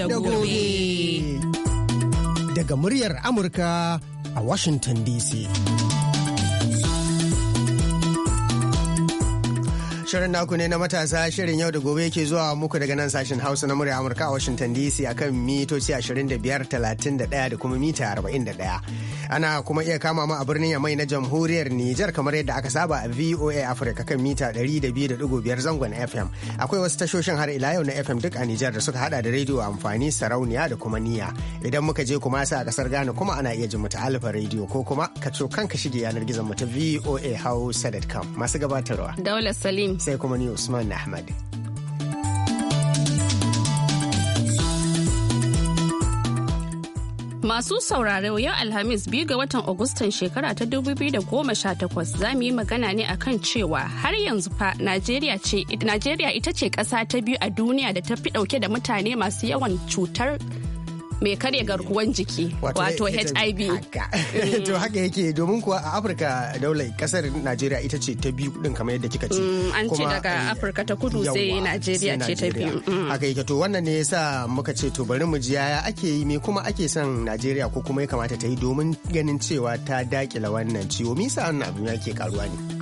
da gobe. Daga muryar Amurka a Washington DC. Shirin naku ne na matasa shirin yau da gobe ke zuwa muku daga nan sashen Hausa na murya Amurka a Washington DC akan mitoci 25, 31 da kuma mita 41. ana kuma iya kama ma a birnin yamai na jamhuriyar Nijar kamar yadda aka saba a VOA Africa kan mita 200.5 zangon FM akwai wasu tashoshin har ila yau na FM duk a Nijar da suka hada da rediyo amfani sarauniya da kuma niya idan muka je kuma sa a kasar Ghana kuma ana iya jin mu ta rediyo ko kuma ka co kanka shige yanar gizon mu ta VOA Hausa.com masu gabatarwa Daula Salim sai kuma ni Usman Ahmad Masu sauraro yau Alhamis biyu ga watan Agustan shekara ta dubu biyu da 2018 za mu yi magana ne akan cewa har yanzu fa Najeriya ce ita ce ƙasa ta biyu a duniya da ta fi ɗauke da mutane masu yawan cutar mai karya garkuwar jiki wato hiv mm. to haka yake domin kuwa a afirka daular kasar najeriya ita ce ta biyu din kamar yadda kika ce mm, an ce daga eh, afirka ta kudu sai najeriya ce ta biyu mm. haka yake to wannan ne yasa muka ce to bari mu ji yaya ake yi me kuma ake son najeriya ko kuma ya kamata ta yi domin ganin cewa ta dakila wannan ciwo misa wannan abin yake karuwa ne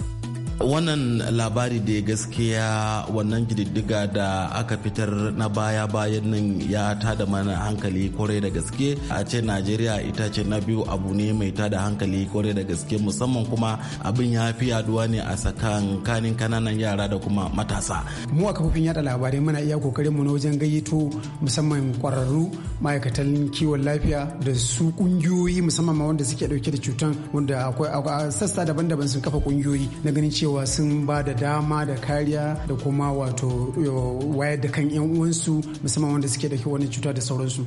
wannan labari da gaskiya wannan gididdiga da aka fitar na baya-bayan nan ya tada mana hankali kwarai da gaske a ce najeriya ita ce na biyu abu ne mai tada hankali kwarai da gaske musamman kuma abin ya fi yaduwa ne a sakan kanin kananan yara da kuma matasa mu a kafofin yada labarai muna iya kokarin mu na wajen gayyato musamman kwararru ma'aikatan kiwon lafiya da su kungiyoyi musamman ma wanda suke dauke da cutan wanda akwai sassa daban-daban sun kafa kungiyoyi na ganin cewa cewa sun ba da dama da kariya da kuma wato wayar da kan 'yan uwansu musamman wanda suke da wani cuta da sauransu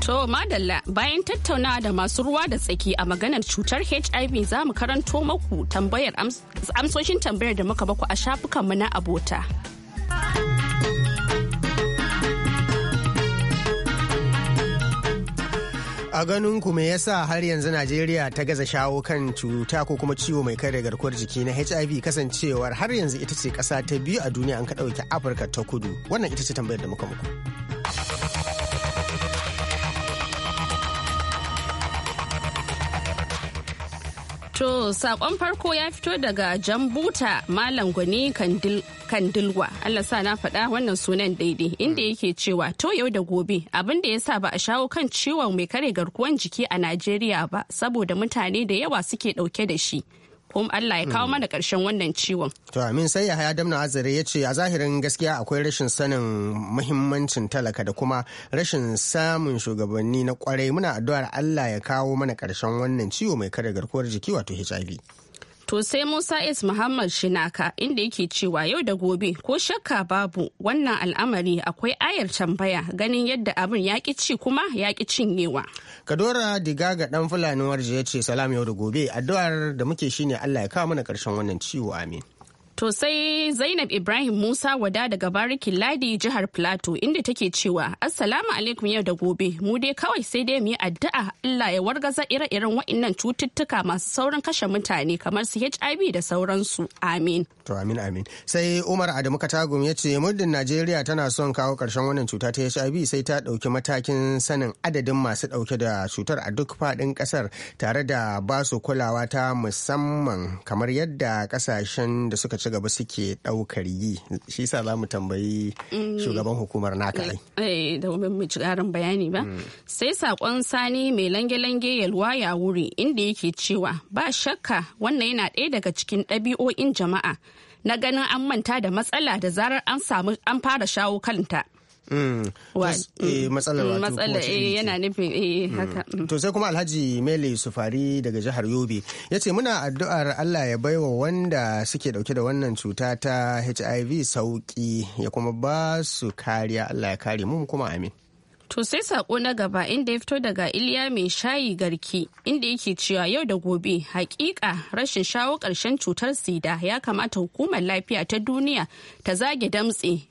To Madalla bayan tattaunawa da masu ruwa da tsaki a maganar cutar HIV za mu karanto maku tambayar amsoshin tambayar da muka baku a shafukanmu na abota. a ganin ku me yasa har yanzu najeriya ta gaza shawo kan cuta ko kuma ciwo mai kai garkuwar jiki na hiv kasancewar har yanzu ita ce ƙasa ta biyu a duniya an ka ɗauki afirka ta kudu wannan ita ce tambayar da muka muku To sakon farko ya fito daga Jambuta Malam Gwani Kandilwa. Allah sa na faɗa wannan sunan daidai inda yake cewa to yau da gobe abin da ya sa ba a shawo kan ciwon mai kare garkuwan jiki a Najeriya ba saboda mutane da yawa suke ɗauke da shi. kuma Allah ya kawo hmm. mana ƙarshen wannan ciwon. To amin sai ya haya damna azare ya ce a zahirin gaskiya akwai rashin sanin muhimmancin talaka da kuma rashin samun shugabanni na kwarai muna addu'ar Allah ya kawo mana ƙarshen wannan ciwo mai kare garkuwar jiki wato HIV. To sai Musa Is Muhammad Shinaka inda yake cewa yau da gobe ko shakka babu wannan al'amari akwai ayar tambaya ganin yadda abin ya ci kuma ya cinyewa. Kadora Digaga dan Fulani Warje ya ce salam yau da gobe addu'ar da muke shine Allah ya kawo mana karshen wannan ciwo amin. To sai Zainab Ibrahim Musa wada daga barikin Ladi jihar Plateau inda take cewa Assalamu alaikum yau da gobe mu dai kawai sai dai mu yi addu'a Allah ya wargaza ire-iren waɗannan cututtuka masu saurin kashe mutane kamar su HIV da sauransu. Amin. To amin amin. Sai Umar Adamu Katagum ya ce muddin Najeriya tana son kawo ƙarshen wannan cuta ta HIV sai ta ɗauki matakin sanin adadin masu ɗauke da cutar a duk faɗin ƙasar tare da ba su kulawa ta musamman kamar yadda ƙasashen da suka ci gaba suke ɗaukar yi shi sa za mu tambayi mm. shugaban hukumar naka ai eh, eh, domin mu ƙarin bayani ba mm. sai sakon sani mai lange-lange yalwa ya wuri inda yake cewa ba shakka wannan yana ɗaya daga cikin ɗabi'o'in jama'a na ganin an manta da matsala da zarar an samu an fara shawo kanta Mm. Eh, mm, matsalar mm, eh, yana nufin eh, haka to sai kuma alhaji mele sufari daga jihar yobe ya ce muna addu'ar allah ya baiwa wanda suke dauke da wannan cuta ta hiv sauki ya kuma ba su kariya allah ya kare mu kuma amin To sai sako na gaba inda ya fito daga Iliya mai shayi garki inda yake cewa yau da gobe hakika rashin shawo karshen cutar sida ya kamata hukumar lafiya ta duniya ta zage damtse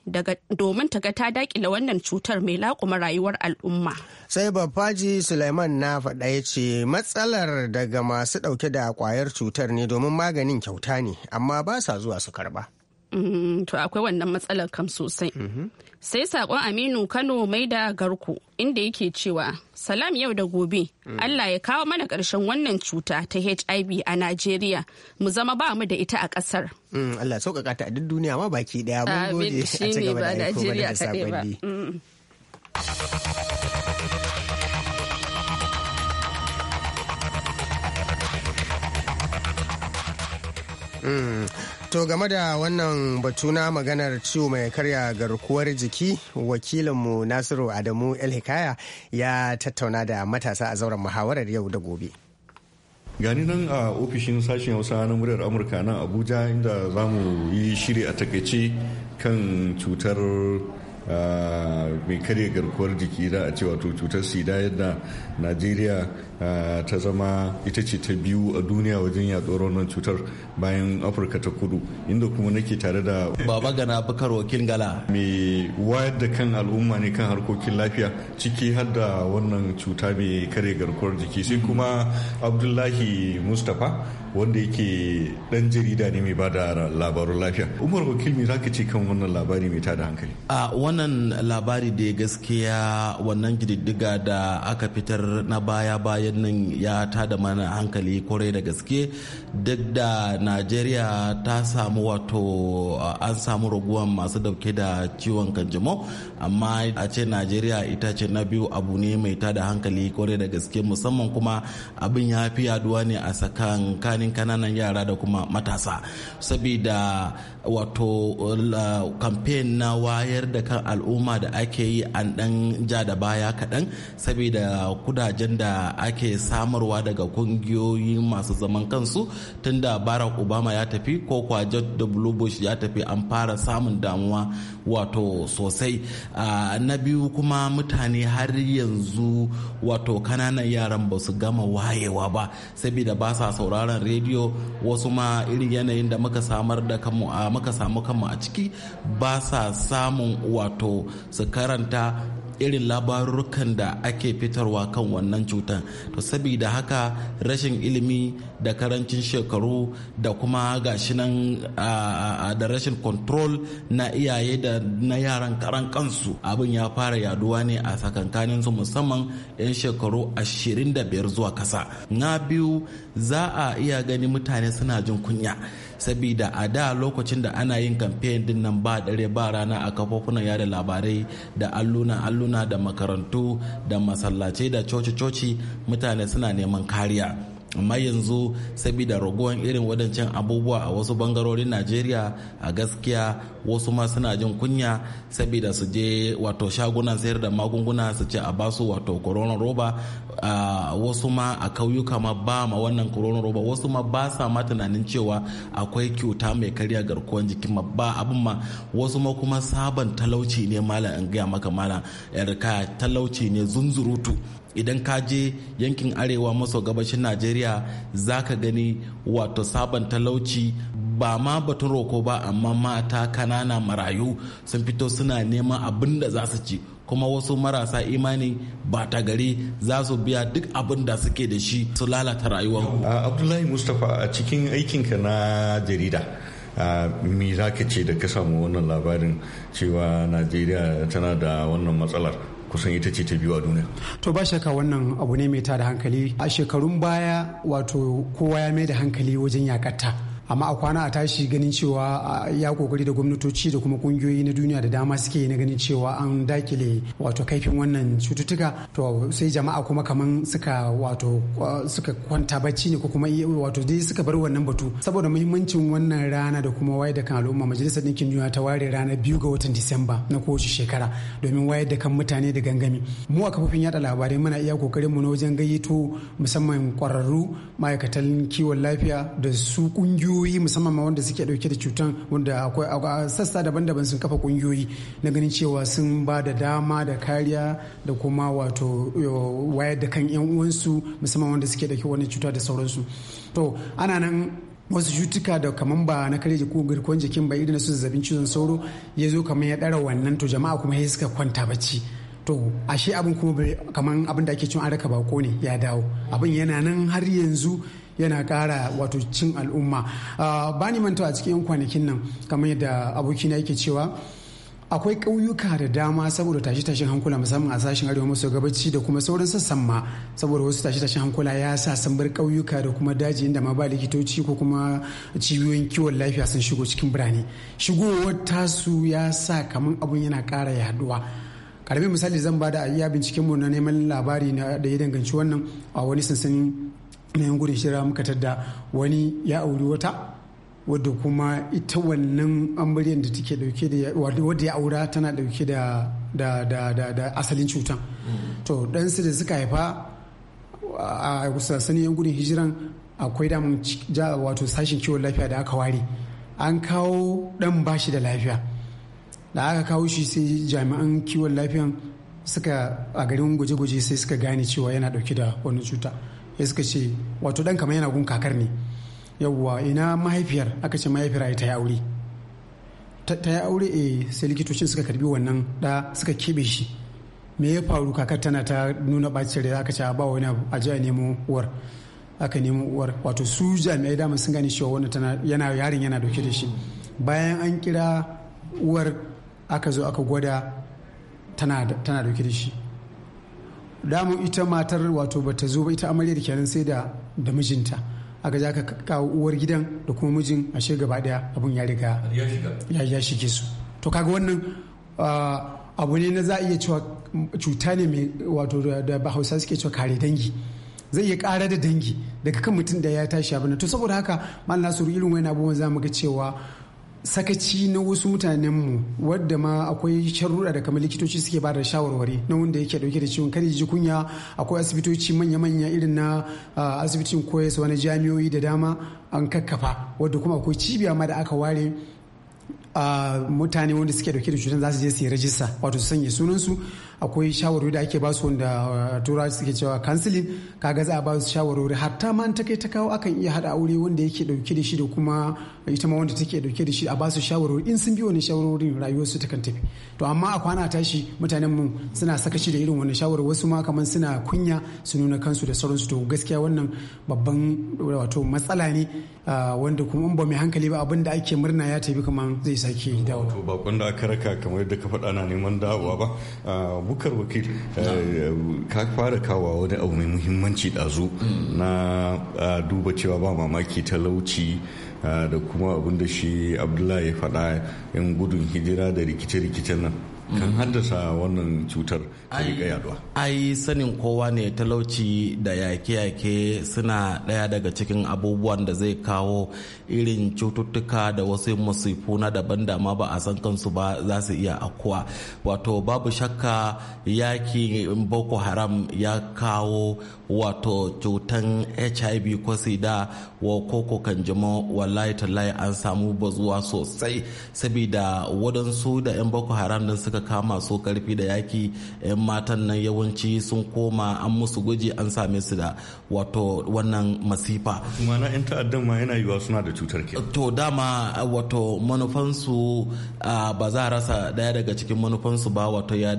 domin ta ga ta dakila wannan cutar mai laƙuma rayuwar al'umma. Sai babbaji suleiman na faɗa ya ce matsalar daga masu ɗauke da kwayar cutar ne domin maganin kyauta ne amma ba sa zuwa su karba. Mm, to akwai wannan matsalar kam sosai. Mm-hmm. Sai saƙon Aminu Kano mai da garku inda yake cewa salam yau da gobe mm. Allah ya kawo mana ƙarshen wannan cuta ta HIV a Najeriya mu zama ba mu da ita a ƙasar. Mm, Allah sauƙaƙa ta a duk duniya ma baki ɗaya mun gode a ci da ba da Mm. To game da wannan batu na maganar ciwo mai karya garkuwar jiki wakilinmu Nasiru Adamu El Hikaya ya tattauna da matasa a zauren muhawarar yau da gobe. gani nan a ofishin sashen hausa na muryar amurka nan abuja inda za mu yi shiri a takaice kan cutar mai karya garkuwar jiki da a cewa cutar sida yadda najeriya ta zama ita ce ta biyu a duniya wajen yaduwar wannan cutar bayan afirka ta kudu inda kuma nake tare da baba gana bakar wakil gala mai wayar da kan al'umma ne kan harkokin lafiya ciki har da wannan cuta mai kare garkuwar jiki sai kuma abdullahi mustapha wanda yake dan jarida ne mai bada labarun lafiya umar wakil me zaka ce kan wannan labari mai tada hankali a wannan labari da gaskiya wannan gididdiga da aka fitar na baya baya tarayyar nan ya da mana hankali kwarai da gaske duk da najeriya ta samu wato an samu raguwan masu dauke da ciwon kanjamau amma a ce najeriya ita ce na biyu abu ne mai tada hankali kwarai da gaske musamman kuma abin ya fi yaduwa ne a sakan kanin kananan yara da kuma matasa sabida wato kamfen na wayar da kan al'umma da ake yi an dan ja da baya kaɗan saboda kudajen da ake ake samarwa daga kungiyoyi masu zaman kansu tunda barack obama ya tafi ko kwa george w bush ya tafi an fara samun damuwa wato sosai na biyu kuma mutane har yanzu wato kananan yaran ba su gama wayewa ba saboda ba sa sauraron rediyo wasu ma irin yanayin da muka samar da kanmu a muka samu kanmu a ciki ba sa samun wato su karanta irin labarurukan da ake fitarwa kan wannan cutar to saboda haka rashin ilimi da karancin shekaru da kuma gashi nan da rashin control na iyaye da na yaran karan kansu abin ya fara yaduwa ne a sakankanin su musamman 'yan shekaru 25 zuwa kasa na biyu za a iya gani mutane suna jin kunya sabida a da lokacin da ana yin kamfen din nan ba dare ba rana a kafofunan yada labarai da alluna alluna da makarantu da masallace da coci-coci mutane suna neman kariya amma yanzu sabida ragowar irin wadancan abubuwa a wasu bangarorin najeriya a gaskiya wasu ma suna jin kunya saboda su je wato shagunan sayar da magunguna su ce a basu wato corona roba wasu ma a kauyuka ma ba ma wannan corona roba wasu ma ba sa ma tunanin cewa akwai kyauta mai karya garkuwar jikin ma ba abin ma wasu ma kuma sabon talauci ne malam in gaya maka malam yarka talauci ne zunzurutu idan ka je yankin arewa maso gabashin najeriya za ka gani wato sabon talauci ba ma batun roko ba amma mata kanana marayu sun fito suna neman abin da za su ci kuma wasu marasa imani ba ta gari za su biya duk abin da suke da shi su lalata rayuwar. abdullahi mustapha a cikin aikinka na jarida mi za ka ce da ka samu wannan labarin cewa najeriya tana da wannan matsalar kusan ita ce ta biyu a duniya. To ba shakka wannan abu ne mai tada hankali a shekarun baya wato kowa ya mai da hankali wajen yakatta. amma a kwana a tashi ganin cewa ya kokari da gwamnatoci da kuma kungiyoyi na duniya da dama suke na ganin cewa an dakile wato kaifin wannan cututtuka to sai jama'a kuma kaman suka wato suka kwanta bacci ne ko kuma wato dai suka bar wannan batu saboda muhimmancin wannan rana da kuma wayar da kan al'umma majalisar ɗinkin duniya ta ware ranar biyu ga watan disamba na kowace shekara domin wayar da kan mutane da gangami mu a kafofin yada labarai muna iya kokarin mu na wajen gayyato musamman kwararru ma'aikatan kiwon lafiya da su kungiyoyi kungiyoyi musamman ma wanda suke dauke da cutan wanda akwai sassa daban-daban sun kafa kungiyoyi na ganin cewa sun ba da dama da kariya da kuma wato eh, wayar da kan yan uwansu musamman wanda suke dauke wani cuta da sauransu to ana nan wasu cutuka da kaman ba na kare ko garkuwar jikin ba irin su zazzabin cizon sauro ya zo kamar ya dara wannan to jama'a kuma ya suka kwanta bacci to ashe abin kuma kaman abin da ake cin an raka bako ne ya dawo abin yana nan har yanzu yana kara wato cin al'umma ah, ba ni manta a cikin 'yan kwanakin nan kamar yadda abokina yake cewa akwai ƙauyuka da dama saboda tashe-tashen hankula musamman a sashen arewa maso gabaci da kuma sauran sassan ma saboda wasu tashe-tashen hankula ya sa sun bar ƙauyuka da kuma daji inda ma ba likitoci ko kuma cibiyoyin kiwon lafiya sun shigo cikin birane shigowar tasu ya sa kamar abun yana ƙara yaduwa karamin misali zan bada a iya binciken mu na neman labari da ya danganci wannan a wani sansanin na yan gudun shirya muka tadda wani ya auri wata wadda kuma ita wannan ambaryar da take dauke da wadda ya aura tana dauke da da da da da asalin cutan to su da suka haifa a sassanin yan gudun hijiran akwai da ja wato sashin kiwon lafiya da aka ware an kawo ɗan bashi da lafiya da aka kawo shi sai jami'an kiwon lafiyan suka a garin gwaje-gwaje sai suka gane cewa yana dauke da wani cuta ya suka ce wato dan kamar yana gun kakar ne yawwa ina mahaifiyar aka ce mahaifiyar ta yi aure ta yi aure eh, sai likitocin suka karbi wannan da suka kebe shi me ya faru kakar tana ta nuna bacin rai aka ce a ba wani abu a jiya nemo uwar aka nemo uwar wato su jami'ai dama sun gane cewa wannan tana yana yarin yana dauke da shi bayan an kira uwar aka zo aka gwada tana dauke da shi damu ita matar wato bata zo ba ita amarya amaryar kenan sai da da mijinta aka ja ka kawo uwar gidan da kuma mijin ashe gaba daya abun ya riga ya shige su to kaga wannan ah, abu ne na za a iya cewa cuta ne mai wato da bahausa suke cewa kare dangi zai iya kara da dangi daga kan mutum da ya tashi abin to saboda haka mal nasiru irin wani abubuwan za mu ga cewa sakaci na wasu mutanenmu wadda ma akwai sharruɗa da kamar likitoci suke ba da shawarwari na wanda yake dauke da ciwon kare ji kunya akwai asibitoci manya-manya irin na asibitin koyaswa na jami'o'i da dama an kakkafa wadda kuma akwai cibiya ma da aka ware a mutane wanda suke dauke da cutar za su je su yi rajista wato su sanya sunansu akwai shawarwari da ake ba su wanda tura suke cewa kansilin kaga za a ba su shawarwari hatta ma ta kai ta kawo akan iya hada aure wanda yake dauke da shi da kuma ita ma wanda take dauke da shi a basu shawarwari in sun bi wani shawarwari rayuwarsu ta kan tafi to amma a kwana tashi mutanen mu suna shi da irin wani shawarwari wasu ma kamar suna kunya su nuna kansu da sauransu to gaskiya wannan babban wato matsala ne wanda kuma in ba mai hankali ba abin da ake murna ya tafi kamar zai sake dawo to bakon da aka raka kamar yadda ka faɗa na neman dawowa ba bukar wakil eh, ka fara kawo wani abu mai muhimmanci dazu mm. na duba cewa ba mamaki talauci Ah, da kuma abin da shi abdullahi ya faɗa yan gudun hijira da rikice-rikicen nan kan haddasa wannan cutar ta yaduwa ai sanin kowa ne talauci da yake-yake suna ɗaya daga cikin abubuwan da zai kawo irin cututtuka da wasu masifu na daban da ma ba a san kansu ba za su iya akuwa wato babu shakka yaki boko haram ya kawo wato cutan hiv ko sida wa koko jima wallahi tallahi an samu bazuwa sosai saboda waɗansu da 'yan boko haram din suka aka kama so karfi da yaki 'yan matan nan yawanci sun koma an musu gwaji an same su da wato wannan masifa mana 'yan ta'addan ma yana yiwuwa suna da cutar ke to dama wato manufansu ba za a rasa daya daga cikin manufansu ba wato ya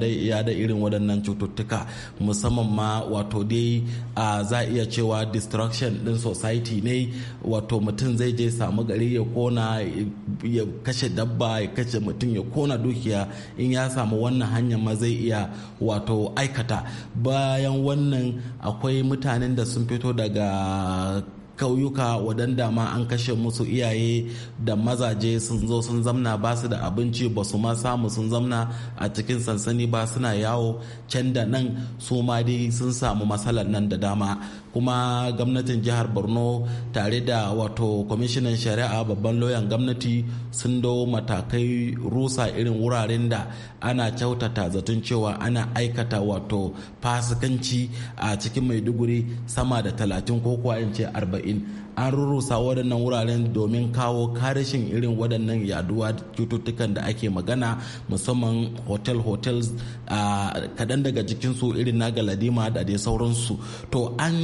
da irin waɗannan cututtuka musamman ma wato dai za a iya cewa destruction din society ne wato mutum zai je samu gari ya kona ya kashe dabba ya kashe mutum ya kona dukiya in ya samu wannan hanyar ma zai iya wato aikata bayan wannan akwai mutanen da sun fito daga kauyuka wadanda ma an kashe musu iyaye da mazaje sun zo sun zamna ba su da abinci ba su ma samu sun zamna a cikin sansani ba suna yawo can da nan su ma dai sun samu matsalar nan da dama kuma gwamnatin jihar borno tare da wato kwamishinan shari'a babban lauyan gwamnati sun dawo matakai rusa irin wuraren da ana kyautata zaton cewa ana aikata wato fasikanci a cikin maiduguri sama da talatin ko kuwa in ce arba'in an rurrusa waɗannan wuraren domin kawo karishin irin waɗannan yaduwa cututtukan da ake magana musamman hotel hotels kaɗan daga jikinsu irin na galadima da dai sauransu to an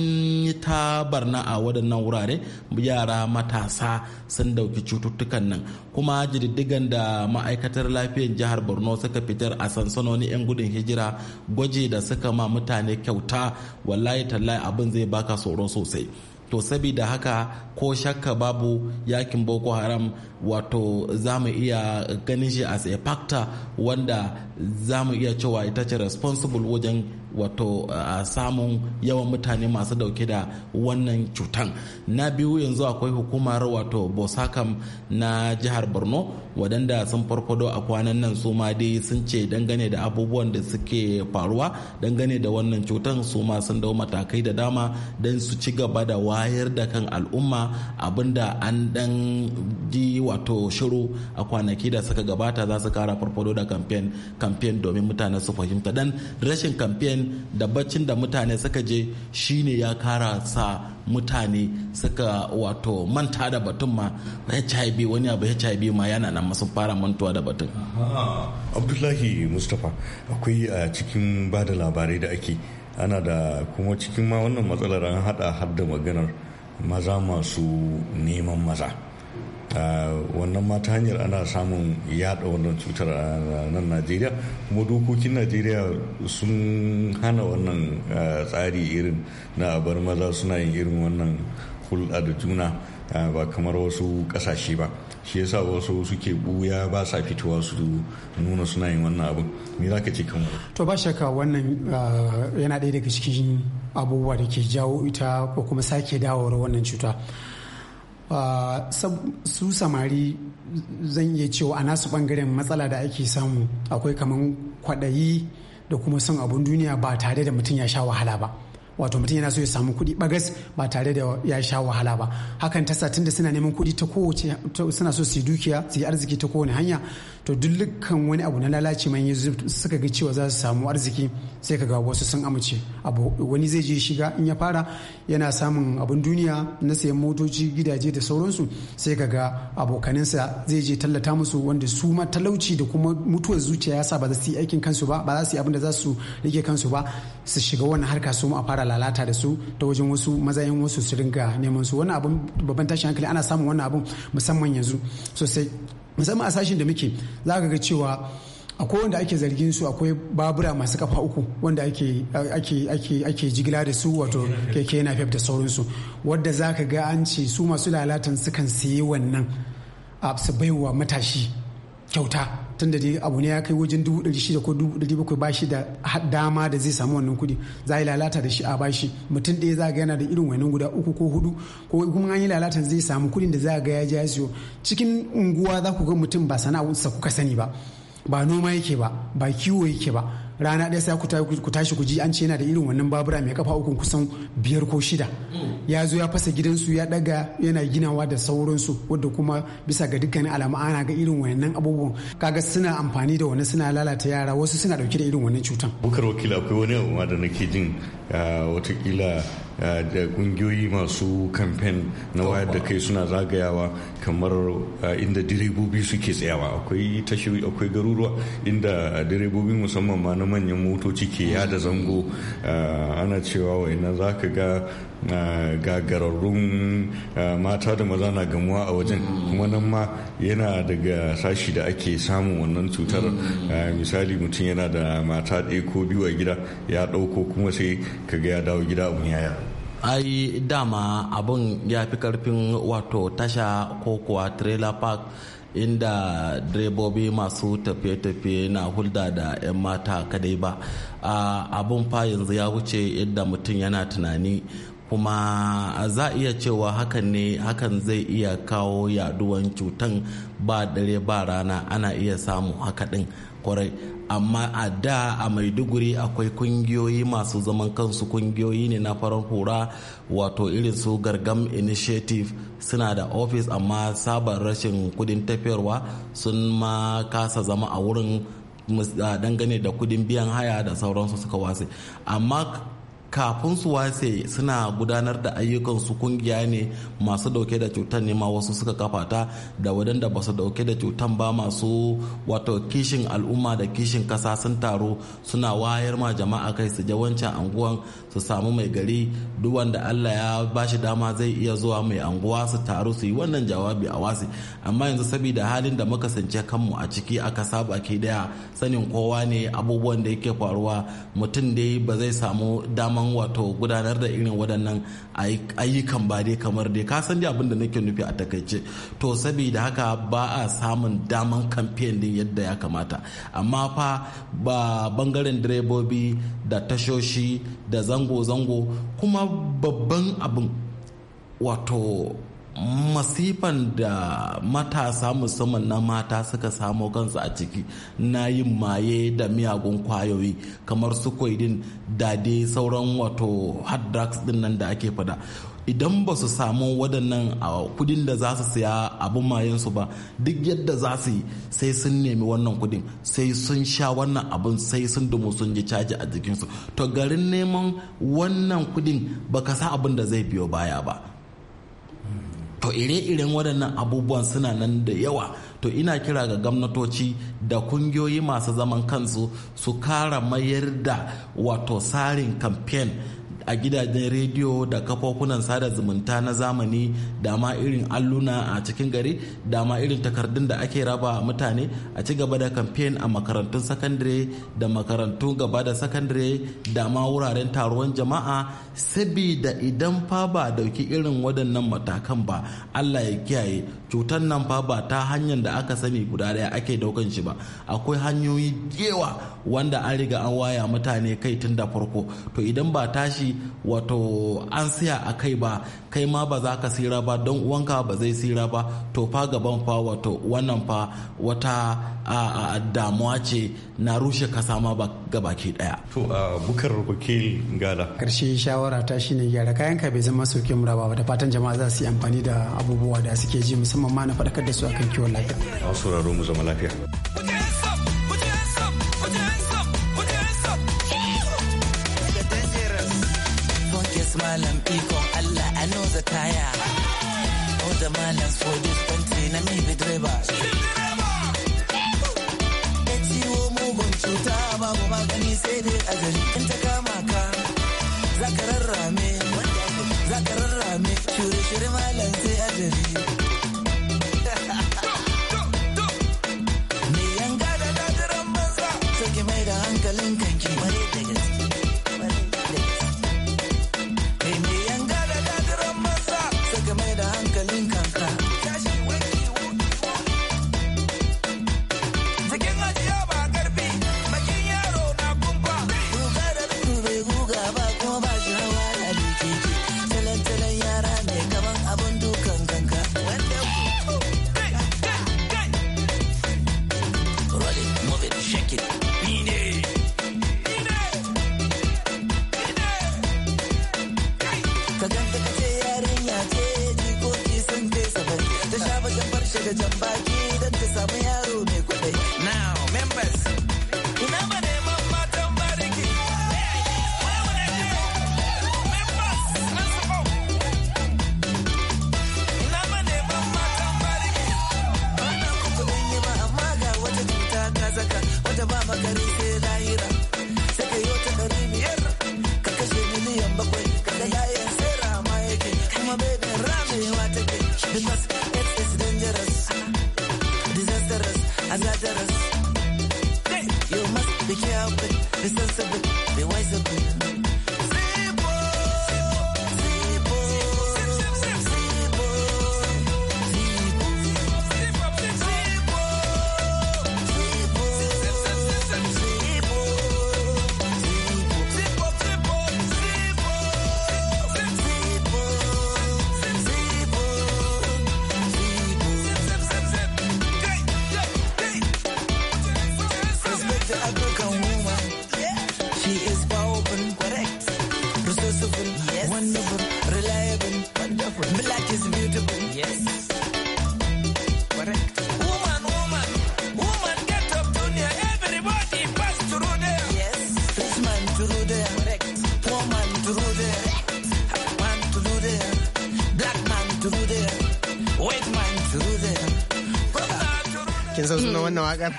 yi ta barna a waɗannan wurare yara matasa sun dauki cututtukan nan kuma jididdigan da ma'aikatar lafiyar jihar borno suka fitar a sansanoni 'yan gudun hijira gwaji da suka ma mutane kyauta wallahi tallahi abin zai baka tsoro sosai to saboda haka ko shakka babu yakin boko haram wato za mu iya ganin shi as a factor wanda za mu iya cewa ita ce responsible wajen wato a samun yawan mutane masu dauke da wannan cutan na biyu yanzu akwai hukumar wato bosakam na jihar borno wadanda sun farfado a kwanan nan su ma dai sun ce dangane da abubuwan da suke faruwa dangane da wannan cutan su ma sun dau matakai da dama don su ci gaba da wayar da kan al'umma abinda an dan ji wato shiru a kwanaki da suka gabata za su kara farfado da kamfen domin mutane su fahimta dan rashin kamfen campaign da baccin da mutane suka je shine ya kara sa mutane suka wato manta da batun ma hiv wani abu hiv ma yana nan masu fara mantuwa da batun abdullahi mustapha akwai a cikin ba da labarai da ake ana da kuma cikin ma wannan matsalar an hada hadda maganar maza masu neman maza wannan ma ta hanyar ana samun yada wannan cutar a nan najeriya kuma dokokin najeriya sun hana wannan tsari irin na bar maza suna yin irin wannan hulɗa da juna ba kamar wasu ƙasashe ba shi yasa wasu suke buya ba sa fitowa su nuna suna yin wannan abin me za ka ce kan to ba shakka wannan yana ɗaya daga cikin abubuwa da ke jawo ita ko kuma sake dawowar wannan cuta Ah, su samari zan iya cewa a nasu bangaren matsala da ake samu akwai kamar kwaɗayi da kuma son abun duniya ba tare da mutum ya sha wahala ba wato mutum yana so ya samu kuɗi bagas ba tare da ya sha wahala ba hakan ta satin da suna neman kuɗi ta kowace suna so su yi dukiya su yi arziki ta kowane hanya to dukkan wani abu na lalace man suka ga cewa za su samu arziki sai kaga wasu sun amince abu wani zai je shiga in ya fara yana samun abun duniya na sayan motoci gidaje da sauransu sai kaga abokaninsa zai je tallata musu wanda su ma talauci da kuma mutuwar zuciya ya sa ba za su yi aikin kansu ba ba za su yi abin da za su rike kansu ba su shiga wannan harka su a fara lalata da su ta wajen wasu mazayin wasu su ringa neman su wannan abun babban tashin hankali ana samun wannan abun musamman yanzu sosai musamman a sashen da muke za ka ga cewa akwai wanda ake zargin su akwai babura masu kafa uku wanda ake jigila da su wato keke na da sauransu wadda za ka ga an ce su masu lalatan sukan sayi wannan a su baiwa matashi kyauta tun da abu ne ya kai wajen dubu ɗari shida ko dubu ɗari bakwai bashi da dama da zai samu wannan kuɗi za a yi lalata da shi a bashi mutum ɗaya za a ga yana da irin wannan guda uku ko hudu ko kuma an yi lalata zai samu kuɗin da za ga ya je siyo cikin unguwa za ku ga mutum ba sana'arsa kuka sani ba ba noma yake ba ba kiwo yake ba rana ɗaya sai ku tashi ku ji an ce yana da irin wannan babura mai kafa uku kusan biyar ko shida mm. ya zo ya fasa gidansu ya ɗaga yana ginawa da sauransu wadda kuma bisa ga dukkanin alama ana ga irin wannan abubuwan kaga suna amfani da wani suna lalata yara wasu suna dauke da irin wannan cutan bukar wakila akwai wani abu da nake jin Ah, watakila ah, da kungiyoyi masu kamfen na wayar da kai suna zagayawa kamar ah, inda direbobi suke tsayawa akwai tashiri akwai garuruwa inda direbobi musamman ma na manyan motoci ke yada zango ana cewa waina za ka ga gagararrun eh, mata da maza na gamuwa a wajen kuma nan ma yana daga sashi da ake samun wannan cutar eh, misali mutum yana da mata ɗaya ko biyu a gida ya ɗauko kuma sai kaga ya dawo gida abun yaya ai dama abin ya fi karfin wato tasha ko kuwa trailer park inda direbobi masu tafiye-tafiye na hulda da 'yan mata kadai ba ah, Abun fa yanzu ya wuce yadda mutum yana tunani kuma za a iya cewa hakan ne hakan zai iya kawo yaduwan cutan ba dare ba rana ana iya samu haka din kwarai amma a da a maiduguri akwai kungiyoyi masu zaman kansu kungiyoyi ne na farar hura wato irin su gargam initiative suna da ofis amma sabon rashin kudin tafiyarwa sun ma kasa zama a wurin dangane da kudin biyan haya da sauransu suka wasi amma kafin su wase suna gudanar da ayyukan su kungiya ne masu dauke da cutar ne wasu suka kafa ta da wadanda ba su dauke da cutar ba masu wato kishin al'umma da kishin kasa sun taro suna wayar ma jama'a kai su wancan anguwan su samu mai gari duk wanda Allah ya bashi dama zai iya zuwa mai anguwa su taru su yi wannan jawabi a wasi amma yanzu saboda halin da muka sance kanmu a ciki aka saba ke daya sanin kowa ne abubuwan da yake faruwa mutum dai ba zai samu dama daman wato gudanar da irin waɗannan ayyukan ba dai kamar dai ka san abin da nake nufi a takaice to saboda haka ba a samun daman kamfen din yadda ya kamata amma fa ba bangaren direbobi da tashoshi da zango-zango kuma babban abin wato masifan da matasa musamman na mata suka samo kansu a ciki na yin maye da miyagun kwayoyi kamar su kwaidin da dai sauran wato hard drugs din nan da ake fada idan ba su samu waɗannan a kudin da za su siya abin mayensu ba duk yadda za su yi sai sun nemi wannan kudin sai sun sha wannan abin sai sun dumu sun ji caji a jikinsu to garin neman wannan kudin baka sa abin da zai biyo baya ba to ire-iren waɗannan abubuwan suna nan da yawa to ina kira ga gwamnatoci da kungiyoyi masu zaman kansu su kara mayar da wato tsarin kamfen a gidajen rediyo da kafofunan sada zumunta na zamani da ma irin alluna a cikin gari da ma irin takardun da ake raba mutane a ci gaba da kamfen a makarantun sakandare da makarantun gaba da sakandare da ma wuraren taruwan jama'a sabida idan fa ba dauki irin waɗannan matakan ba allah ya kiyaye cutar nan fa ba ta hanyar da aka sani guda daya ake daukan shi ba akwai hanyoyi yawa wanda an riga an waya mutane kai tun da farko to idan ba tashi wato an siya a kai ba kai ma ba za ka sira ba don uwanka ba zai sira ba to fa gaban fa wato wannan fa wata damuwa ce na rushe kasa ma ba gabaki daya to bukar wakil gala karshe shawara ta shine gyara kayan ka bai zama sauƙin muraba ba da fatan jama'a za su yi amfani da abubuwa da suke ji musamman musamman ma na faɗakar da su akan kiwon lafiya. A sauraro mu zama lafiya. malam ikon Allah a kaya. malam na mai Da mugun cuta babu magani sai dai She is gone. wannan wakar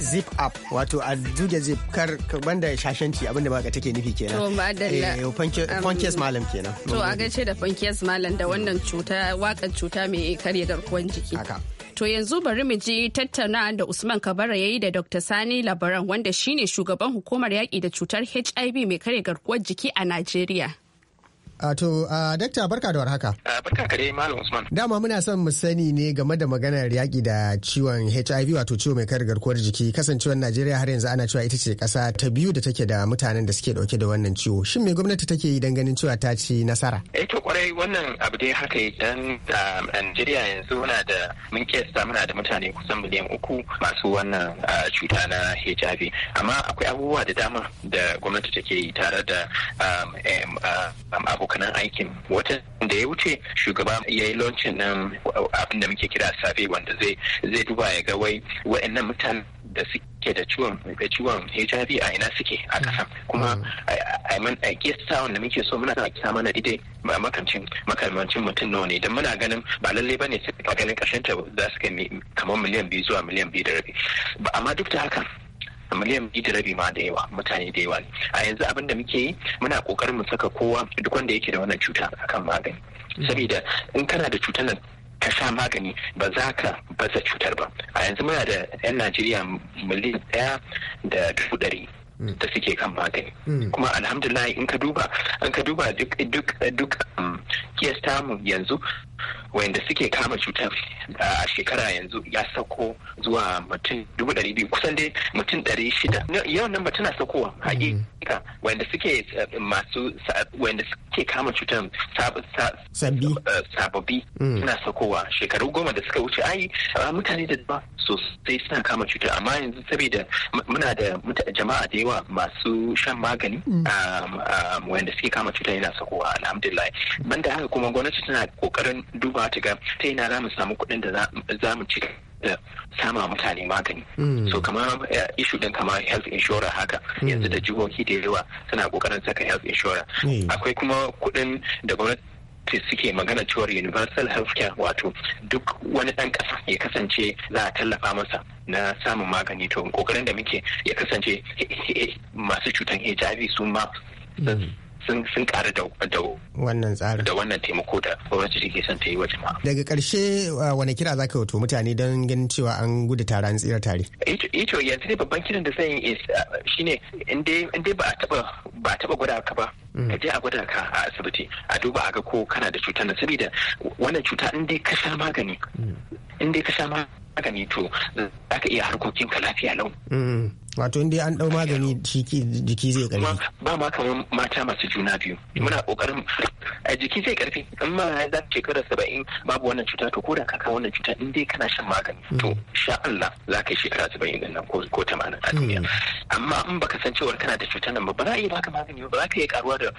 zip up wato a duge zip kar banda shashanci abinda baka take nufi kenan to madalla eh, funkes um, malam kenan to a gaishe da funkes malam da wannan cuta wakar cuta mai karya garkuwan jiki haka To yanzu bari mu ji tattauna da Usman Kabara ya yi da Dr. Sani Labaran wanda shine shugaban hukumar yaƙi da cutar HIV mai kare garkuwar jiki a Najeriya. A to, a dakta barka da warhaka. Barka ka Malam Usman. Dama muna son mu sani ne game da maganar yaƙi da ciwon HIV wato ciwo mai kare garkuwar jiki kasancewar Najeriya har yanzu ana cewa ita ce ƙasa ta biyu da take da mutanen da suke ɗauke da wannan ciwo. Shin me gwamnati take yi don ganin cewa ta ci nasara? Eh to kwarai wannan abu dai haka dan Najeriya yanzu muna da mun kesa muna da mutane kusan miliyan uku masu wannan cuta na HIV. Amma akwai abubuwa da dama da gwamnati take yi tare da abu abokanan aikin watan da ya wuce shugaba ya yi launcin nan abin da muke kira safe wanda zai zai duba ya ga wai wa'annan mutane da suke da ciwon da ciwon HIV a ina suke a ƙasa mm. kuma mm. a man a gesta wanda muke so muna kira mana dide makamcin makamcin mutum nawa ne don muna ganin ba lalle bane sai ganin ƙarshen ta za su kai kamar miliyan biyu zuwa miliyan biyu da rabi amma duk da haka miliyan biyu da rabi ma da yawa mutane da yawa a yanzu abin da muke yi muna kokarin mu saka kowa duk wanda yake da wannan cuta kan magani saboda in kana da cutar nan ka sha magani ba za ka baza cutar ba a yanzu muna da 'yan najeriya miliyan ɗaya da dubu ɗari hmm. da suke kan magani hmm. kuma alhamdulillah in ka duba an ka duba duk duk duk um, kiyasta mu yanzu wanda suke kama cutar a shekara yanzu ya sako zuwa mutum dubu ɗari biyu kusan dai mutum ɗari shida yawan nan tana sakowa hakika wanda suke eh, masu wanda suke kama cutar eh, sababbi mm. suna sakowa shekaru goma da suka wuce ai mutane da ba sosai suna kama cutar amma yanzu saboda muna da jama'a da yawa masu shan magani mm. wanda suke kama cutar yana sakowa alhamdulillah banda haka kuma gwamnati tana kokarin duba ma ta ga ta yana za mu samu kuɗin da za mu ci da sama mutane magani. Hmm. So kamar eh, ishu din kamar health insurer haka hmm. yanzu da jihohi da yawa suna kokarin saka health insurer. Hmm. Akwai kuma kuɗin da gwamnati suke magana cewar universal healthcare wato duk wani ɗan ƙasa ya kasance za a tallafa masa na samun magani to kokarin da muke ya kasance eh, eh, masu cutan hiv su ma sun kara da wannan tsari da wannan taimako da gwamnati take son ta yi wa jama'a daga karshe uh, wani kira za ka wato mutane don ganin cewa an gudu tare an tsira tare ito yanzu dai babban kiran da zan yi uh, shine in dai ba a taba ba a taba gwada ka ba mm. ka je a gwada ka a asibiti a duba a ga ko kana da cutar nan saboda wannan cuta in dai ka sha magani mm. in dai ka sha magani haka ne to za ka iya harkokin ka lafiya lau. Mm-hmm. wato inda an dau magani jiki zai karfi ba ma kamar mata masu juna biyu muna kokarin a jiki zai karfi in ma za ka shekara saba'in babu wannan cuta to ko da ka kawo wannan cuta in dai kana shan magani to mm-hmm. sha Allah za ka yi shekara saba'in din nan ko ko tamanin a duniya mm-hmm. amma in baka san cewa kana da cutar nan ba ba za a iya baka magani ba ba za ka iya karuwa da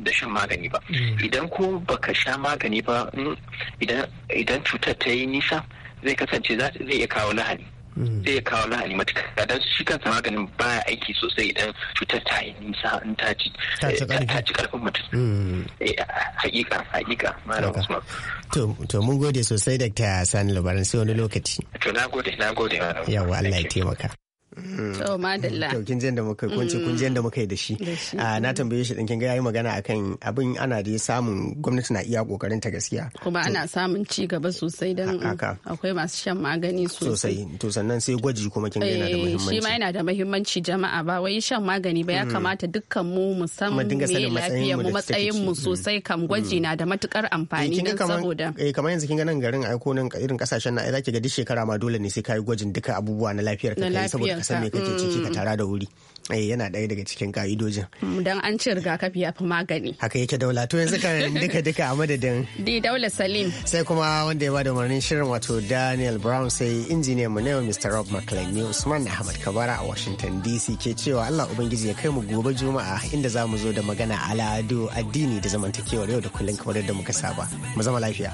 da shan magani ba idan ko baka sha magani ba idan cutar ta yi nisa zai kasance zai iya kawo lahani hmm. zai iya kawo lahani matuƙa don shi kansa maganin baya aiki sosai idan cutar ta yi nisa in ta ci karfin eh, mutum hmm. eh, hakika hakika malam usman to mun gode sosai ta sani labaran sai wani lokaci to na gode na gode yawa Allah ya taimaka Mm. To madalla. To kin da muka kun ce kun da muka yi da shi. Ah, na tambaye shi din kin ga yayi magana akan abin ana da samun gwamnati na iya kokarin ta gaskiya. Kuma ana samun ci gaba sosai dan akwai masu shan magani sosai. Sosai. To sannan sai gwaji kuma kin ga yana da muhimmanci. Eh, shi ma yana da muhimmanci jama'a ba wai shan magani ba ya mm. kamata dukkan mu mu san me lafiya mu matsayin mu sosai kam gwaji mm. na da matukar amfani eh, dan saboda. Eh kamar yanzu kin ga nan garin aiko nan irin kasashen na ai zaki ga duk shekara ma dole ne sai kai gwajin duka abubuwa na lafiyar ka saboda san me kake ciki ka mm. tara da wuri eh yana ɗaya daga cikin ka'idojin mm, dan an ci rigakafi ya fi magani haka yake daula to yanzu kan duka duka a madadin di daula salim sai kuma wanda ya bada umarnin shirin wato daniel brown sai injiniyan mu na yau mr rob mclean ne usman ahmad kabara a washington dc ke cewa allah ubangiji ya kai mu gobe juma'a inda za mu zo da magana al'adu addini da zamantakewar yau da kullum kamar yadda muka saba mu zama lafiya.